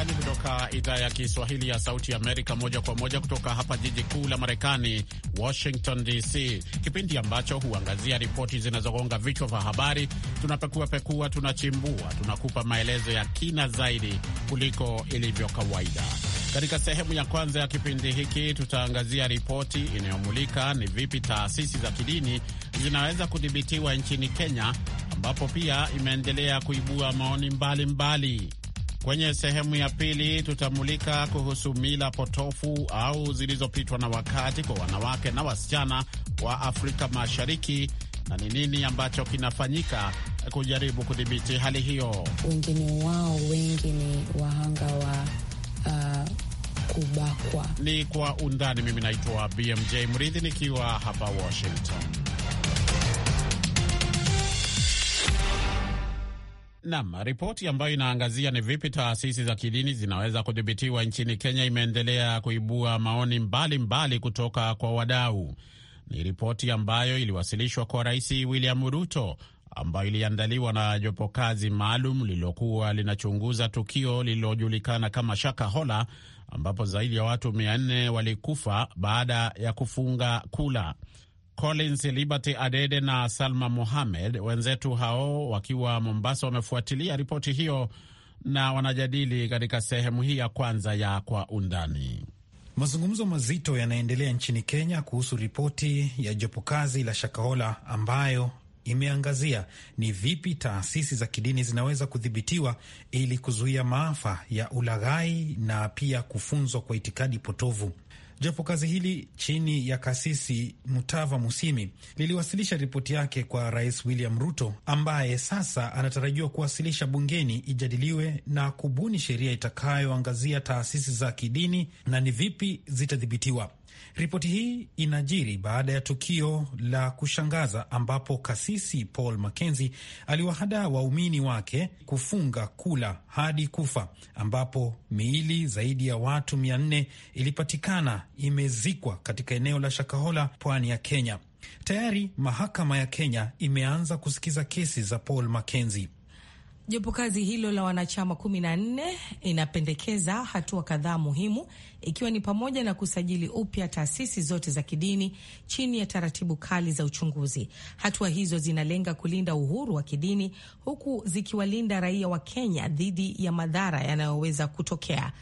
Undani kutoka idhaa ya Kiswahili ya Sauti Amerika, moja kwa moja kutoka hapa jiji kuu la Marekani, Washington DC, kipindi ambacho huangazia ripoti zinazogonga vichwa vya habari. Tunapekuapekua, tunachimbua, tunakupa maelezo ya kina zaidi kuliko ilivyo kawaida. Katika sehemu ya kwanza ya kipindi hiki tutaangazia ripoti inayomulika ni vipi taasisi za kidini zinaweza kudhibitiwa nchini Kenya, ambapo pia imeendelea kuibua maoni mbalimbali mbali. Kwenye sehemu ya pili tutamulika kuhusu mila potofu au zilizopitwa na wakati kwa wanawake na wasichana wa Afrika Mashariki na ni nini ambacho kinafanyika kujaribu kudhibiti hali hiyo. Wengine wao wengi ni wahanga wa uh, kubakwa. Ni kwa undani. Mimi naitwa BMJ Mridhi nikiwa hapa Washington. Nam, ripoti ambayo inaangazia ni vipi taasisi za kidini zinaweza kudhibitiwa nchini Kenya imeendelea kuibua maoni mbalimbali mbali kutoka kwa wadau. Ni ripoti ambayo iliwasilishwa kwa Rais William Ruto, ambayo iliandaliwa na jopo kazi maalum lililokuwa linachunguza tukio lililojulikana kama Shakahola, ambapo zaidi ya watu mia nne walikufa baada ya kufunga kula. Collins Liberty Adede na Salma Mohamed, wenzetu hao wakiwa Mombasa, wamefuatilia ripoti hiyo na wanajadili katika sehemu hii ya kwanza ya Kwa Undani. Mazungumzo mazito yanaendelea nchini Kenya kuhusu ripoti ya jopo kazi la Shakahola ambayo imeangazia ni vipi taasisi za kidini zinaweza kudhibitiwa ili kuzuia maafa ya ulaghai na pia kufunzwa kwa itikadi potovu japo kazi hili chini ya kasisi Mutava Musimi liliwasilisha ripoti yake kwa Rais William Ruto ambaye sasa anatarajiwa kuwasilisha bungeni ijadiliwe na kubuni sheria itakayoangazia taasisi za kidini na ni vipi zitadhibitiwa. Ripoti hii inajiri baada ya tukio la kushangaza ambapo kasisi Paul makenzi aliwahadaa waumini wake kufunga kula hadi kufa, ambapo miili zaidi ya watu mia nne ilipatikana imezikwa katika eneo la Shakahola, pwani ya Kenya. Tayari mahakama ya Kenya imeanza kusikiza kesi za Paul makenzi Jopo kazi hilo la wanachama kumi na nne inapendekeza hatua kadhaa muhimu ikiwa ni pamoja na kusajili upya taasisi zote za kidini chini ya taratibu kali za uchunguzi. Hatua hizo zinalenga kulinda uhuru wa kidini huku zikiwalinda raia wa Kenya dhidi ya madhara yanayoweza kutokea.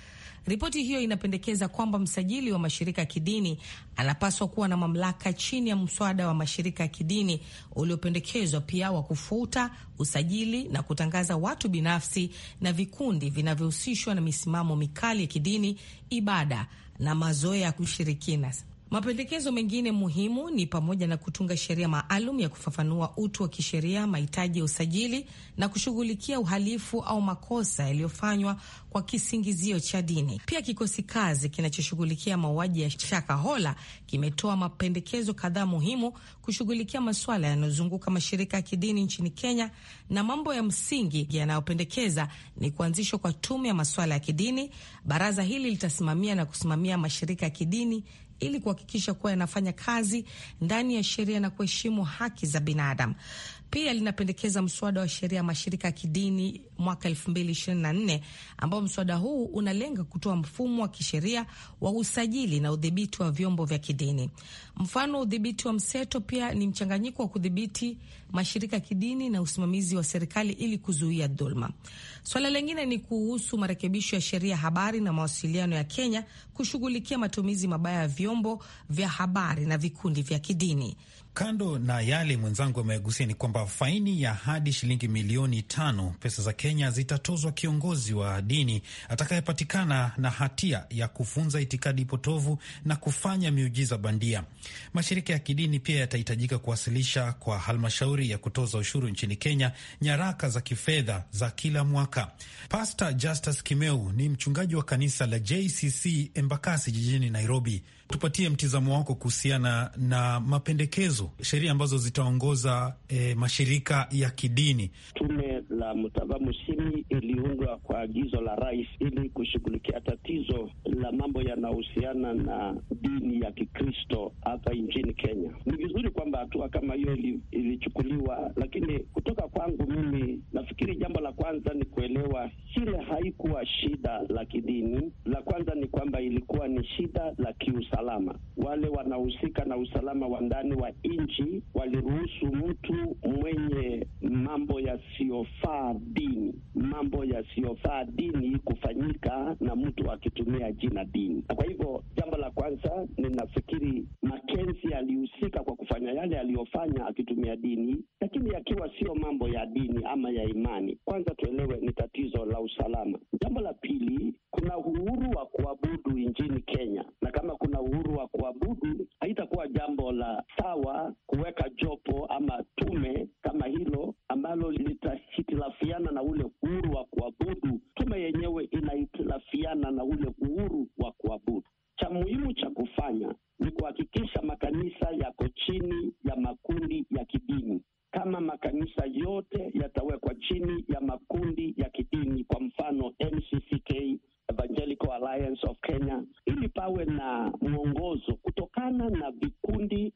Ripoti hiyo inapendekeza kwamba msajili wa mashirika ya kidini anapaswa kuwa na mamlaka chini ya mswada wa mashirika ya kidini uliopendekezwa pia wa kufuta usajili na kutangaza watu binafsi na vikundi vinavyohusishwa na misimamo mikali ya kidini, ibada na mazoea ya kushirikina. Mapendekezo mengine muhimu ni pamoja na kutunga sheria maalum ya kufafanua utu wa kisheria, mahitaji ya usajili na kushughulikia uhalifu au makosa yaliyofanywa kwa kisingizio cha dini. Pia kikosi kazi kinachoshughulikia mauaji ya Shakahola kimetoa mapendekezo kadhaa muhimu kushughulikia masuala yanayozunguka mashirika ya kidini nchini Kenya, na mambo ya msingi yanayopendekeza ni kuanzishwa kwa tume ya masuala ya kidini. Baraza hili litasimamia na kusimamia mashirika ya kidini ili kuhakikisha kuwa yanafanya kazi ndani ya sheria na kuheshimu haki za binadamu. Pia linapendekeza mswada wa sheria ya mashirika ya kidini mwaka 2024 ambao mswada huu unalenga kutoa mfumo wa kisheria wa usajili na udhibiti wa vyombo vya kidini. Mfano, udhibiti wa mseto pia ni mchanganyiko wa kudhibiti mashirika ya kidini na usimamizi wa serikali ili kuzuia dhulma. Swala lingine ni kuhusu marekebisho ya sheria habari na mawasiliano ya Kenya kushughulikia matumizi mabaya ya vyombo vya habari na vikundi vya kidini. Kando na yale mwenzangu amegusia, ni kwamba faini ya hadi shilingi milioni tano pesa za Kenya zitatozwa kiongozi wa dini atakayepatikana na hatia ya kufunza itikadi potovu na kufanya miujiza bandia. Mashirika ya kidini pia yatahitajika kuwasilisha kwa halmashauri ya kutoza ushuru nchini Kenya nyaraka za kifedha za kila mwaka. Pastor Justus Kimeu ni mchungaji wa kanisa la JCC Embakasi jijini Nairobi tupatie mtizamo wako kuhusiana na mapendekezo sheria ambazo zitaongoza e, mashirika ya kidini Tume la uh, Mutava Musini iliundwa kwa agizo la rais ili kushughulikia tatizo la mambo yanayohusiana na dini ya Kikristo hapa nchini Kenya. Ni vizuri kwamba hatua kama hiyo ilichukuliwa, lakini kutoka kwangu mimi nafikiri jambo la kwanza ni kuelewa hile haikuwa shida la kidini. La kwanza ni kwamba ilikuwa ni shida la kiusalama. Wale wanahusika na usalama wa ndani wa nchi waliruhusu mtu mwenye mambo yasiyofaa yasiyofaa dini, mambo yasiyofaa dini kufanyika na mtu akitumia jina dini. Kwa hivyo jambo la kwanza, ninafikiri Makenzi alihusika kwa kufanya yale aliyofanya akitumia dini, lakini yakiwa sio mambo ya dini ama ya imani. Kwanza tuelewe ni tatizo la usalama. Jambo la pili, kuna uhuru wa kuabudu nchini Kenya, na kama kuna uhuru wa kuabudu, haitakuwa jambo la sawa kuweka jopo ama tume kama hilo ambalo litahitilafiana na ule uhuru wa kuabudu. Tume yenyewe inahitilafiana na ule uhuru wa kuabudu. Cha muhimu cha kufanya ni kuhakikisha makanisa yako chini ya makundi ya kidini. Kama makanisa yote yatawekwa chini ya makundi ya kidini, kwa mfano MCCK, Evangelical Alliance of Kenya, ili pawe na mwongozo kutokana na vikundi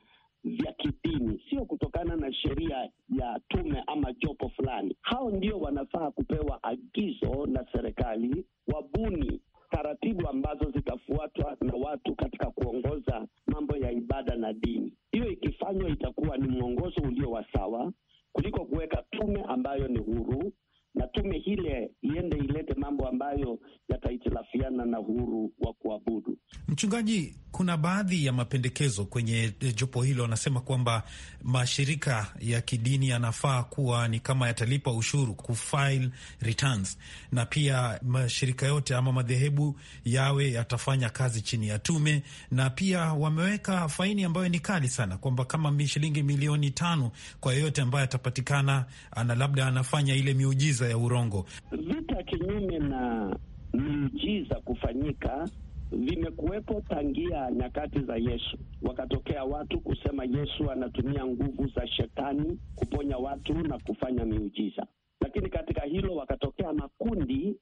vya kidini, sio kutokana na sheria ya tume ama jopo fulani. Hao ndio wanafaa kupewa agizo na serikali wabuni taratibu ambazo zitafuatwa na watu katika kuongoza mambo ya ibada na dini. Hiyo ikifanywa itakuwa ni mwongozo ulio wa sawa kuliko kuweka tume ambayo ni huru, na tume ile iende ilete mambo ambayo yatahitilafiana na uhuru wa kuabudu. Mchungaji, kuna baadhi ya mapendekezo kwenye eh, jopo hilo, anasema kwamba mashirika ya kidini yanafaa kuwa ni kama yatalipa ushuru kufile returns, na pia mashirika yote ama madhehebu yawe yatafanya kazi chini ya tume, na pia wameweka faini ambayo ni kali sana, kwamba kama shilingi milioni tano kwa yeyote ambaye atapatikana ana labda anafanya ile miujiza ya urongo. Vita kinyume na miujiza kufanyika vimekuwepo tangia nyakati za Yesu. Wakatokea watu kusema Yesu anatumia nguvu za shetani kuponya watu na kufanya miujiza, lakini katika hilo wakatokea makundi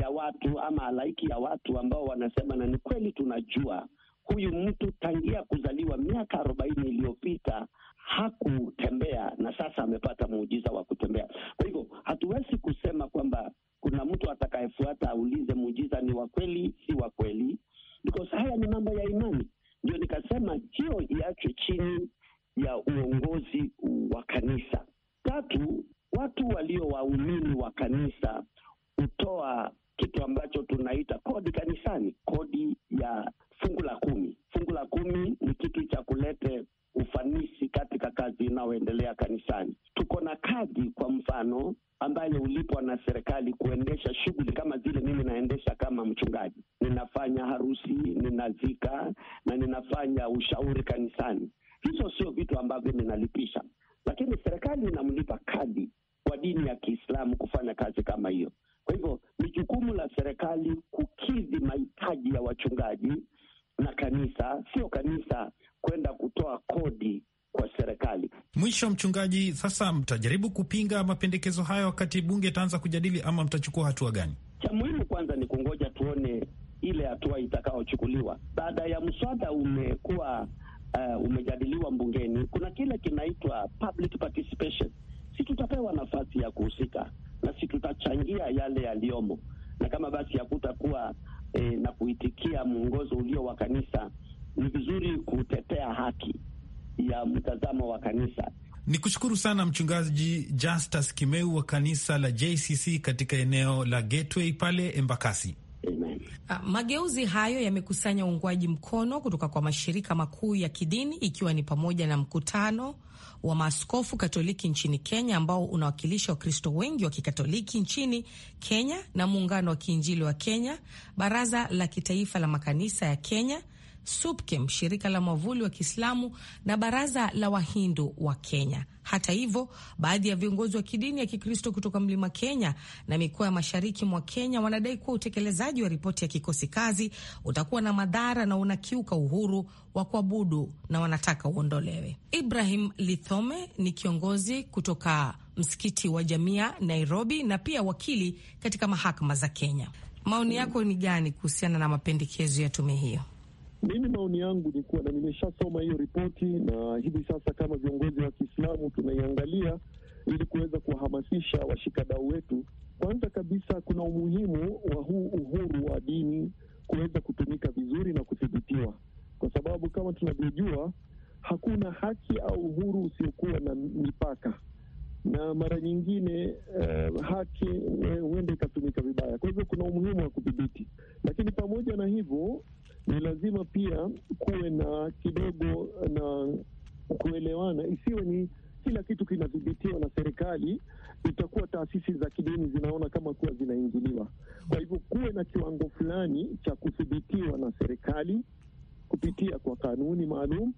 ya watu ama halaiki ya watu ambao wanasema, na ni kweli, tunajua huyu mtu tangia kuzaliwa miaka arobaini iliyopita hakutembea na sasa amepata muujiza wa kutembea. Kwa hivyo hatuwezi kusema kwamba na mtu atakayefuata aulize muujiza ni wa kweli, si wa kweli, because haya ni mambo ya imani. Ndio nikasema hiyo iachwe chini ya uongozi wa kanisa. Tatu, watu walio waumini wa kanisa hutoa kitu ambacho tunaita kodi kanisani, kodi ya fungu la kumi. Fungu la kumi ni kitu cha kulete ufanisi katika kazi inayoendelea kanisani. Tuko na kadi kwa mfano ambayo ulipwa na serikali kuendesha shughuli kama zile mimi naendesha kama mchungaji. Ninafanya harusi, ninazika na ninafanya ushauri kanisani. Hizo sio vitu ambavyo ninalipisha, lakini serikali inamlipa kadi kwa dini ya Kiislamu kufanya kazi kama hiyo. Kwa hivyo ni jukumu la serikali kukidhi mahitaji ya wachungaji na kanisa, sio kanisa kwenda kutoa kodi kwa serikali. Mwisho mchungaji, sasa mtajaribu kupinga mapendekezo hayo wakati bunge itaanza kujadili ama mtachukua hatua gani? Cha muhimu kwanza ni kungoja tuone ile hatua itakayochukuliwa baada ya mswada umekuwa uh, umejadiliwa bungeni. Kuna kile kinaitwa public participation, si tutapewa nafasi ya kuhusika na si tutachangia yale yaliyomo, na kama basi hakutakuwa eh, na kuitikia mwongozo ulio wa kanisa ni vizuri kutetea haki ya mtazamo wa kanisa. Ni kushukuru sana Mchungaji Justus Kimeu wa kanisa la JCC katika eneo la Gateway pale Embakasi. Ah, mageuzi hayo yamekusanya uungwaji mkono kutoka kwa mashirika makuu ya kidini ikiwa ni pamoja na mkutano wa maaskofu Katoliki nchini Kenya ambao unawakilisha Wakristo wengi wa Kikatoliki nchini Kenya na muungano wa kiinjili wa Kenya, baraza la kitaifa la makanisa ya Kenya, SUPKEM, shirika la mwavuli wa Kiislamu na baraza la Wahindu wa Kenya. Hata hivyo, baadhi ya viongozi wa kidini ya Kikristo kutoka mlima Kenya na mikoa ya mashariki mwa Kenya wanadai kuwa utekelezaji wa ripoti ya kikosi kazi utakuwa na madhara na unakiuka uhuru wa kuabudu na wanataka uondolewe. Ibrahim Lithome ni kiongozi kutoka msikiti wa Jamia Nairobi na pia wakili katika mahakama za Kenya. Maoni yako ni gani kuhusiana na mapendekezo ya tume hiyo? Mimi maoni yangu ni kuwa, na nimeshasoma hiyo ripoti, na hivi sasa kama viongozi wa Kiislamu tunaiangalia ili kuweza kuwahamasisha washikadau wetu. Kwanza kabisa, kuna umuhimu wa huu uhuru wa dini kuweza kutumika vizuri na kuthibitiwa, kwa sababu kama tunavyojua hakuna haki au uhuru usiokuwa na mipaka na mara nyingine uh, haki huenda ikatumika vibaya. Kwa hivyo kuna umuhimu wa kudhibiti, lakini pamoja na hivyo ni lazima pia kuwe na kidogo na kuelewana, isiwe ni kila kitu kinadhibitiwa na serikali, itakuwa taasisi za kidini zinaona kama kuwa zinaingiliwa. Kwa hivyo kuwe na kiwango fulani cha kudhibitiwa na serikali kupitia kwa kanuni maalum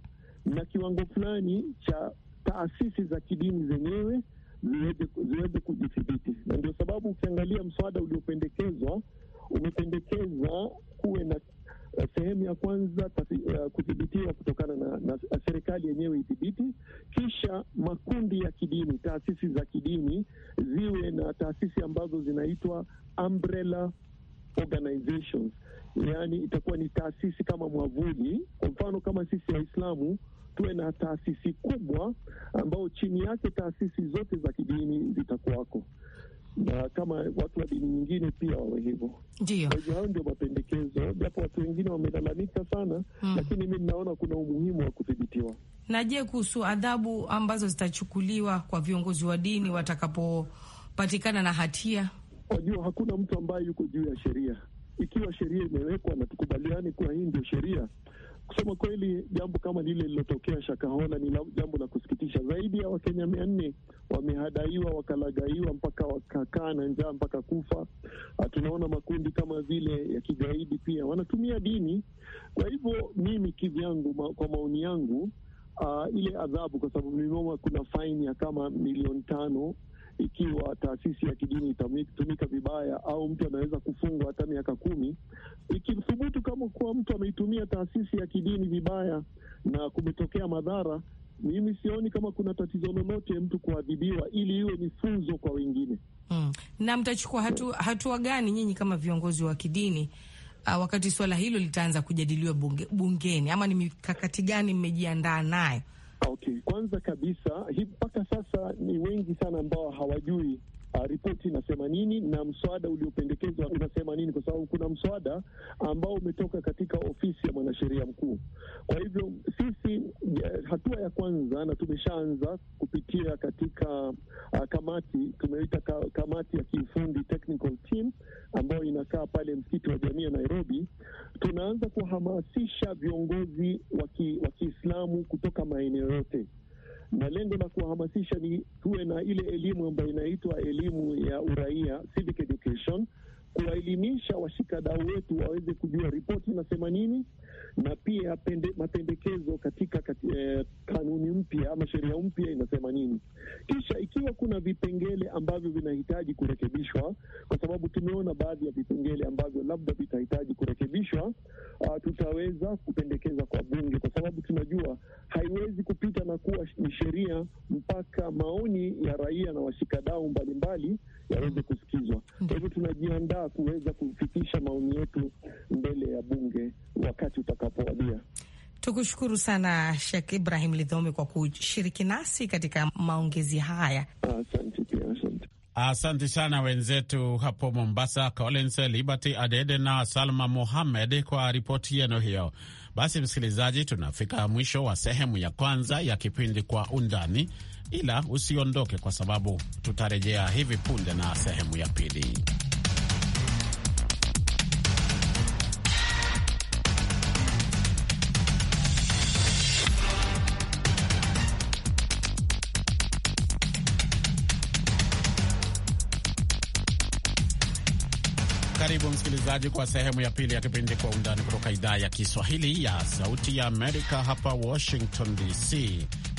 na kiwango fulani cha taasisi za kidini zenyewe ziweze kujithibiti, na ndio sababu ukiangalia mswada uliopendekezwa umependekeza kuwe na eh, sehemu ya kwanza uh, kudhibitiwa kutokana na, na serikali yenyewe idhibiti, kisha makundi ya kidini, taasisi za kidini ziwe na taasisi ambazo zinaitwa umbrella organizations, yaani itakuwa ni taasisi kama mwavuli. Kwa mfano kama sisi Waislamu tuwe na taasisi kubwa ambao chini yake taasisi zote za kidini zitakuwako na kama watu wa dini nyingine pia wawe hivyo. Ndio, kwa hivyo hayo ndio mapendekezo, japo watu wengine wamelalamika sana mm, lakini mi ninaona kuna umuhimu wa kudhibitiwa. Na je, kuhusu adhabu ambazo zitachukuliwa kwa viongozi wa dini watakapopatikana na hatia? Wajua, hakuna mtu ambaye yuko juu ya sheria. Ikiwa sheria imewekwa na tukubaliani kuwa hii ndio sheria, Kusema kweli, jambo kama lile lilotokea Shakahola ni jambo la kusikitisha. Zaidi ya Wakenya mia nne wamehadaiwa, wakalagaiwa, mpaka wakakaa na njaa mpaka kufa. Ah, tunaona makundi kama vile ya kigaidi pia wanatumia dini. Kwa hivyo mimi kivyangu, ma, kwa maoni yangu Uh, ile adhabu kwa sababu nimeona kuna faini ya kama milioni tano ikiwa taasisi ya kidini itatumika vibaya au mtu anaweza kufungwa hata miaka kumi. Ikimthubutu kama kuwa mtu ameitumia taasisi ya kidini vibaya na kumetokea madhara, mimi sioni kama kuna tatizo lolote mtu kuadhibiwa, ili iwe ni funzo kwa wengine. Hmm. Na mtachukua hatua hatu gani nyinyi kama viongozi wa kidini uh, wakati suala hilo litaanza kujadiliwa bunge, bungeni ama ni mikakati gani mmejiandaa nayo? Okay, kwanza kabisa mpaka sasa ni wengi sana ambao hawajui uh, ripoti inasema nini na mswada uliopendekezwa unasema nini, kwa sababu kuna mswada ambao umetoka katika ofisi ya mwanasheria mkuu. Kwa hivyo sisi, eh, hatua ya kwanza, na tumeshaanza kupitia katika uh, kamati tumeita ka, kamati ya kiufundi technical team ambayo inakaa pale msikiti wa jamii ya Nairobi, tunaanza kuhamasisha viongozi wa Kiislamu kutoka maeneo yote na lengo la kuwahamasisha ni tuwe na ile elimu ambayo inaitwa elimu ya uraia civic education kuwaelimisha washikadau wetu waweze kujua ripoti inasema nini, na pia pende, mapendekezo katika kati, eh, kanuni mpya ama sheria mpya inasema nini. Kisha ikiwa kuna vipengele ambavyo vinahitaji kurekebishwa, kwa sababu tumeona baadhi ya vipengele ambavyo labda vitahitaji kurekebishwa, uh, tutaweza kupendekeza kwa Bunge, kwa sababu tunajua haiwezi kupita na kuwa ni sheria mpaka maoni ya raia na washikadau mbalimbali yaweze kusikizwa. Kwa hivyo tunajiandaa kuweza kufikisha maoni yetu mbele ya bunge wakati utakapowadia. Tukushukuru sana Sheikh Ibrahim Lidhomi kwa kushiriki nasi katika maongezi haya. Asante pia, asante. Asante sana wenzetu hapo Mombasa, Collins Liberty Adede na Salma Mohamed kwa ripoti yenu hiyo. Basi msikilizaji, tunafika mwisho wa sehemu ya kwanza ya kipindi Kwa Undani, ila usiondoke, kwa sababu tutarejea hivi punde na sehemu ya pili. Karibu msikilizaji kwa sehemu ya pili ya kipindi Kwa Undani kutoka idhaa ya Kiswahili ya Sauti ya Amerika, hapa Washington DC.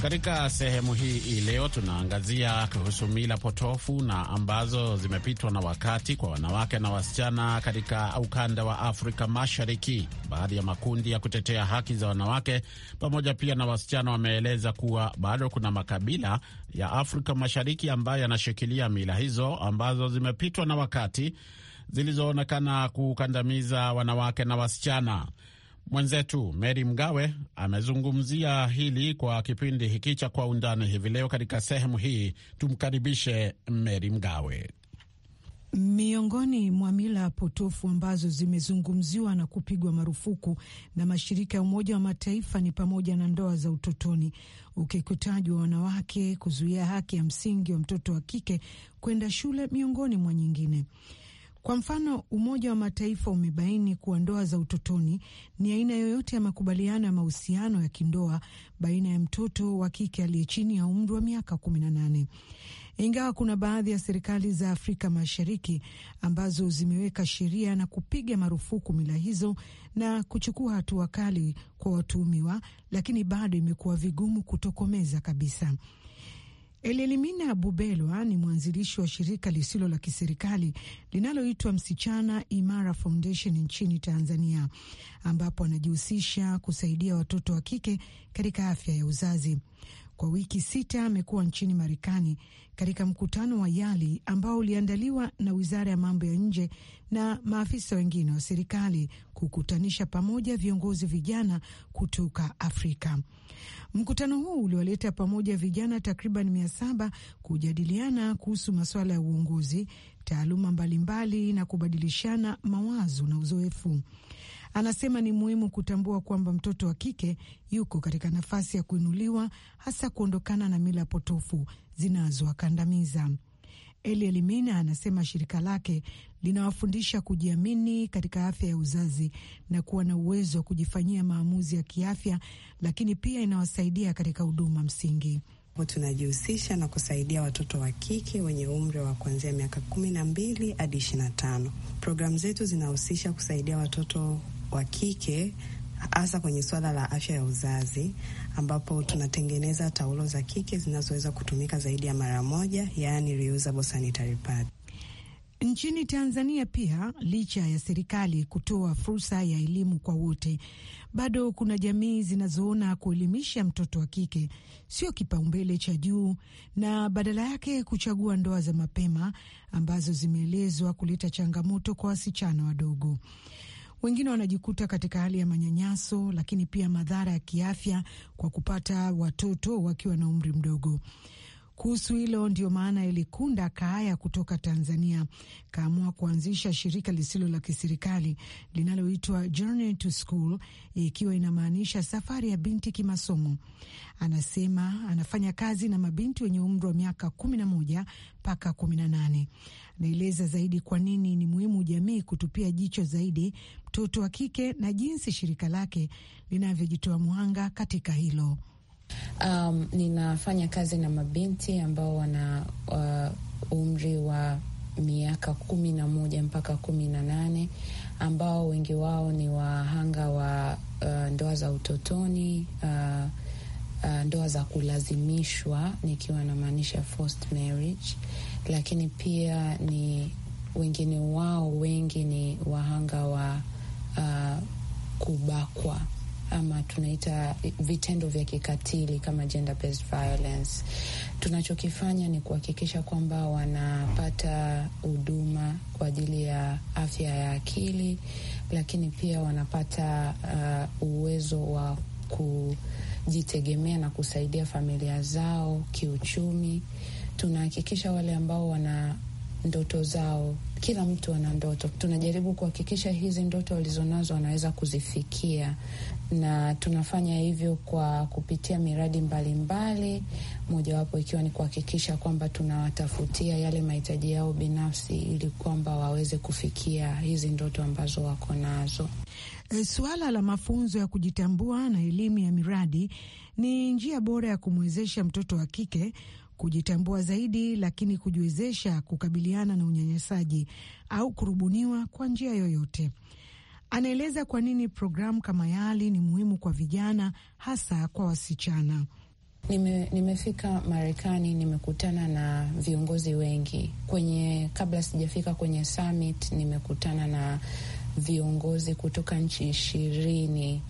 Katika sehemu hii hii leo tunaangazia kuhusu mila potofu na ambazo zimepitwa na wakati kwa wanawake na wasichana katika ukanda wa Afrika Mashariki. Baadhi ya makundi ya kutetea haki za wanawake pamoja pia na wasichana wameeleza kuwa bado kuna makabila ya Afrika Mashariki ambayo yanashikilia mila hizo ambazo zimepitwa na wakati zilizoonekana kukandamiza wanawake na wasichana. Mwenzetu Mary Mgawe amezungumzia hili kwa kipindi hiki cha Kwa Undani hivi leo. Katika sehemu hii tumkaribishe Mary Mgawe. Miongoni mwa mila potofu ambazo zimezungumziwa na kupigwa marufuku na mashirika ya Umoja wa Mataifa ni pamoja na ndoa za utotoni, ukeketaji wa wanawake, kuzuia haki ya msingi wa mtoto wa kike kwenda shule, miongoni mwa nyingine. Kwa mfano, Umoja wa Mataifa umebaini kuwa ndoa za utotoni ni aina yoyote ya makubaliano ya mahusiano ya kindoa baina ya mtoto wa kike aliye chini ya umri wa miaka nane. Ingawa kuna baadhi ya serikali za Afrika Mashariki ambazo zimeweka sheria na kupiga marufuku mila hizo na kuchukua hatua kali kwa watuhumiwa, lakini bado imekuwa vigumu kutokomeza kabisa. Elielimina Bubelwa ni mwanzilishi wa shirika lisilo la kiserikali linaloitwa Msichana Imara Foundation nchini Tanzania, ambapo anajihusisha kusaidia watoto wa kike katika afya ya uzazi kwa wiki sita amekuwa nchini Marekani katika mkutano wa YALI ambao uliandaliwa na wizara ya mambo ya nje na maafisa wengine wa serikali kukutanisha pamoja viongozi vijana kutoka Afrika. Mkutano huu uliwaleta pamoja vijana takriban mia saba kujadiliana kuhusu masuala ya uongozi, taaluma mbalimbali, na kubadilishana mawazo na uzoefu. Anasema ni muhimu kutambua kwamba mtoto wa kike yuko katika nafasi ya kuinuliwa, hasa kuondokana na mila potofu zinazowakandamiza. Eli Elimina anasema shirika lake linawafundisha kujiamini katika afya ya uzazi na kuwa na uwezo wa kujifanyia maamuzi ya kiafya, lakini pia inawasaidia katika huduma msingi. Tunajihusisha na kusaidia watoto wa kike wenye umri wa kuanzia miaka kumi na mbili hadi ishirini na tano. Programu zetu zinahusisha kusaidia watoto wa kike hasa kwenye suala la afya ya uzazi ambapo tunatengeneza taulo za kike zinazoweza kutumika zaidi ya mara moja, yaani reusable sanitary pad. Nchini Tanzania pia, licha ya serikali kutoa fursa ya elimu kwa wote, bado kuna jamii zinazoona kuelimisha mtoto wa kike sio kipaumbele cha juu na badala yake kuchagua ndoa za mapema ambazo zimeelezwa kuleta changamoto kwa wasichana wadogo. Wengine wanajikuta katika hali ya manyanyaso, lakini pia madhara ya kiafya kwa kupata watoto wakiwa na umri mdogo. Kuhusu hilo ndio maana Ilikunda Kaaya kutoka Tanzania kaamua kuanzisha shirika lisilo la kiserikali linaloitwa Journey to School, ikiwa inamaanisha safari ya binti kimasomo. Anasema anafanya kazi na mabinti wenye umri wa miaka kumi na moja mpaka kumi na nane. Anaeleza zaidi kwa nini ni muhimu jamii kutupia jicho zaidi mtoto wa kike na jinsi shirika lake linavyojitoa mwanga katika hilo. Um, ninafanya kazi na mabinti ambao wana uh, umri wa miaka kumi na moja mpaka kumi na nane ambao wengi wao ni wahanga wa uh, ndoa za utotoni uh, uh, ndoa za kulazimishwa nikiwa namaanisha forced marriage, lakini pia ni wengine wao wengi ni wahanga wa uh, kubakwa ama tunaita vitendo vya kikatili kama gender based violence. Tunachokifanya ni kuhakikisha kwamba wanapata huduma kwa ajili ya afya ya akili, lakini pia wanapata uh, uwezo wa kujitegemea na kusaidia familia zao kiuchumi. Tunahakikisha wale ambao wana ndoto zao. Kila mtu ana ndoto, tunajaribu kuhakikisha hizi ndoto walizonazo wanaweza kuzifikia, na tunafanya hivyo kwa kupitia miradi mbalimbali, mojawapo ikiwa ni kuhakikisha kwamba tunawatafutia yale mahitaji yao binafsi ili kwamba waweze kufikia hizi ndoto ambazo wako nazo. Eh, suala la mafunzo ya kujitambua na elimu ya miradi ni njia bora ya kumwezesha mtoto wa kike kujitambua zaidi, lakini kujiwezesha kukabiliana na unyanyasaji au kurubuniwa kwa njia yoyote. Anaeleza kwa nini programu kama YALI ni muhimu kwa vijana, hasa kwa wasichana. Nime, nimefika Marekani, nimekutana na viongozi wengi kwenye, kabla sijafika kwenye summit, nimekutana na viongozi kutoka nchi ishirini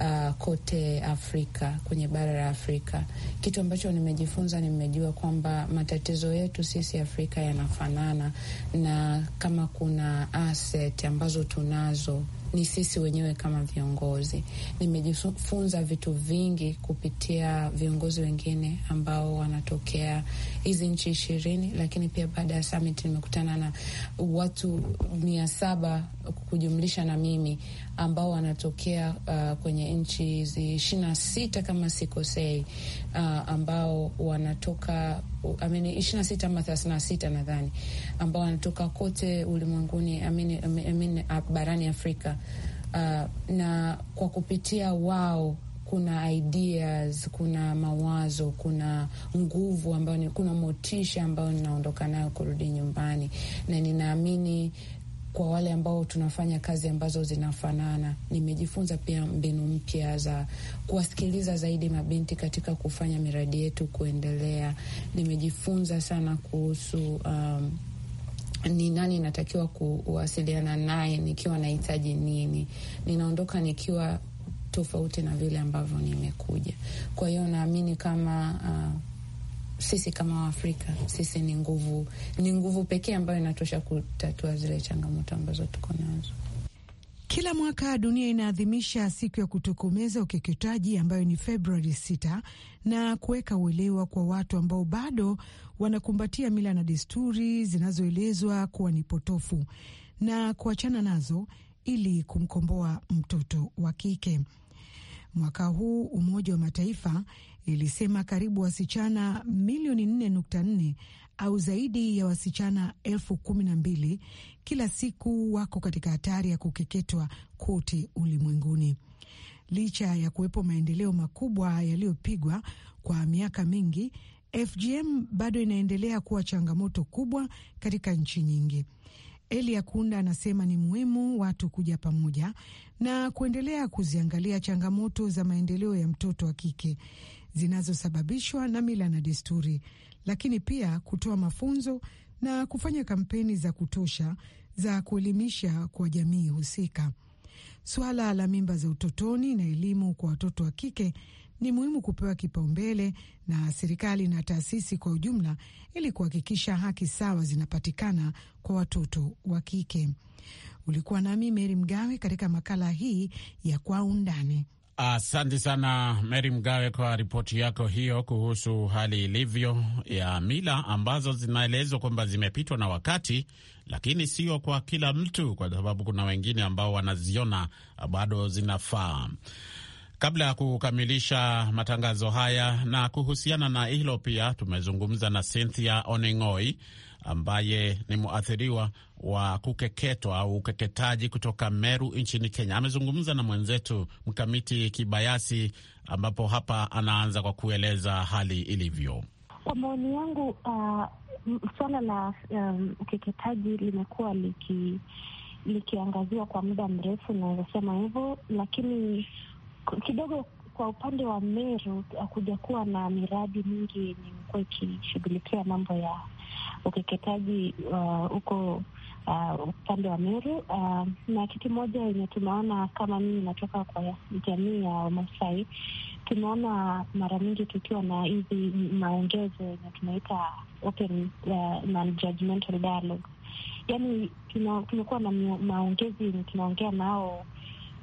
uh, kote Afrika, kwenye bara la Afrika. Kitu ambacho nimejifunza, nimejua kwamba matatizo yetu sisi Afrika yanafanana, na kama kuna asset ambazo tunazo ni sisi wenyewe kama viongozi. Nimejifunza vitu vingi kupitia viongozi wengine ambao wanatokea hizi nchi ishirini, lakini pia baada ya summit nimekutana na watu mia saba kujumlisha na mimi ambao wanatokea uh, kwenye nchi hizi ishirini na sita kama sikosei, uh, ambao wanatoka I mean, ishirini na sita ama thelathini na sita nadhani, ambao wanatoka kote ulimwenguni I mean, I mean, uh, barani Afrika uh, na kwa kupitia wao kuna ideas, kuna mawazo, kuna nguvu ambayo, kuna motisha ambayo ninaondoka nayo kurudi nyumbani, na ninaamini kwa wale ambao tunafanya kazi ambazo zinafanana. Nimejifunza pia mbinu mpya za kuwasikiliza zaidi mabinti katika kufanya miradi yetu kuendelea. Nimejifunza sana kuhusu um, ni nani natakiwa kuwasiliana naye nikiwa nahitaji nini. Ninaondoka nikiwa tofauti na vile ambavyo nimekuja. Kwa hiyo naamini kama uh, sisi kama Waafrika sisi ni nguvu, ni nguvu pekee ambayo inatosha kutatua zile changamoto ambazo tuko nazo. Kila mwaka dunia inaadhimisha siku ya kutokomeza ukeketaji ambayo ni Februari 6 na kuweka uelewa kwa watu ambao bado wanakumbatia mila na desturi zinazoelezwa kuwa ni potofu na kuachana nazo ili kumkomboa mtoto wa kike. Mwaka huu Umoja wa Mataifa ilisema karibu wasichana milioni 4.4 au zaidi ya wasichana elfu kumi na mbili kila siku wako katika hatari ya kukeketwa kote ulimwenguni. Licha ya kuwepo maendeleo makubwa yaliyopigwa kwa miaka mingi, FGM bado inaendelea kuwa changamoto kubwa katika nchi nyingi. Eli Akunda anasema ni muhimu watu kuja pamoja na kuendelea kuziangalia changamoto za maendeleo ya mtoto wa kike zinazosababishwa na mila na desturi, lakini pia kutoa mafunzo na kufanya kampeni za kutosha za kuelimisha kwa jamii husika. Suala la mimba za utotoni na elimu kwa watoto wa kike ni muhimu kupewa kipaumbele na serikali na taasisi kwa ujumla ili kuhakikisha haki sawa zinapatikana kwa watoto wa kike. Ulikuwa nami Meri Mgawe katika makala hii ya Kwa Undani. Asante sana Meri Mgawe kwa ripoti yako hiyo kuhusu hali ilivyo ya mila ambazo zinaelezwa kwamba zimepitwa na wakati, lakini sio kwa kila mtu, kwa sababu kuna wengine ambao wanaziona bado zinafaa. Kabla ya kukamilisha matangazo haya na kuhusiana na hilo pia, tumezungumza na Cynthia Oning'oi ambaye ni mwathiriwa wa kukeketwa au ukeketaji kutoka Meru nchini Kenya. Amezungumza na mwenzetu Mkamiti Kibayasi, ambapo hapa anaanza kwa kueleza hali ilivyo. Kwa maoni yangu, uh, suala la um, ukeketaji limekuwa liki likiangaziwa kwa muda mrefu, naweza sema hivyo, lakini kidogo kwa upande wa Meru hakuja kuwa na miradi mingi yenye imekuwa ikishughulikia mambo ya ukeketaji uh, huko uh, uh, upande wa Meru uh, na kitu moja yenye tumeona kama mimi inatoka kwa jamii ya Wamasai, tumeona mara nyingi tukiwa na hizi maongezo yenye tunaita open uh, non-judgmental dialogue, yaani tumekuwa na maongezi yenye tunaongea nao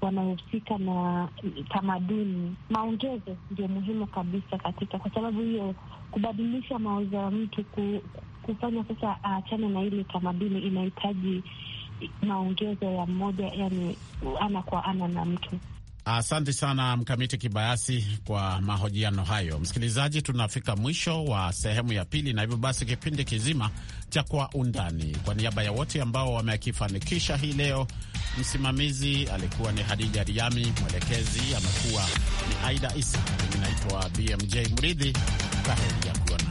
wanaohusika na tamaduni. Maongezo ndio muhimu kabisa katika, kwa sababu hiyo kubadilisha mawazo ya mtu ku, kufanya sasa aachane na ile tamaduni inahitaji maongezo ya mmoja, yani ana kwa ana na mtu. Asante sana Mkamiti Kibayasi kwa mahojiano hayo. Msikilizaji, tunafika mwisho wa sehemu ya pili, na hivyo basi kipindi kizima cha Kwa Undani, kwa niaba ya wote ambao wamekifanikisha hii leo, msimamizi alikuwa ni Hadija Riami, mwelekezi amekuwa ni Aida Isa, mimi naitwa BMJ Mridhi. Kaheri ya kuona.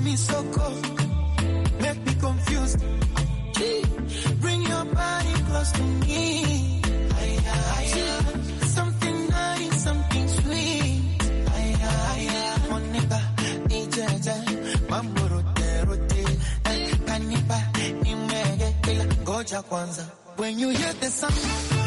me so cold, make me confused. bring your body close to me. Something nice, something sweet. When you hear the sound.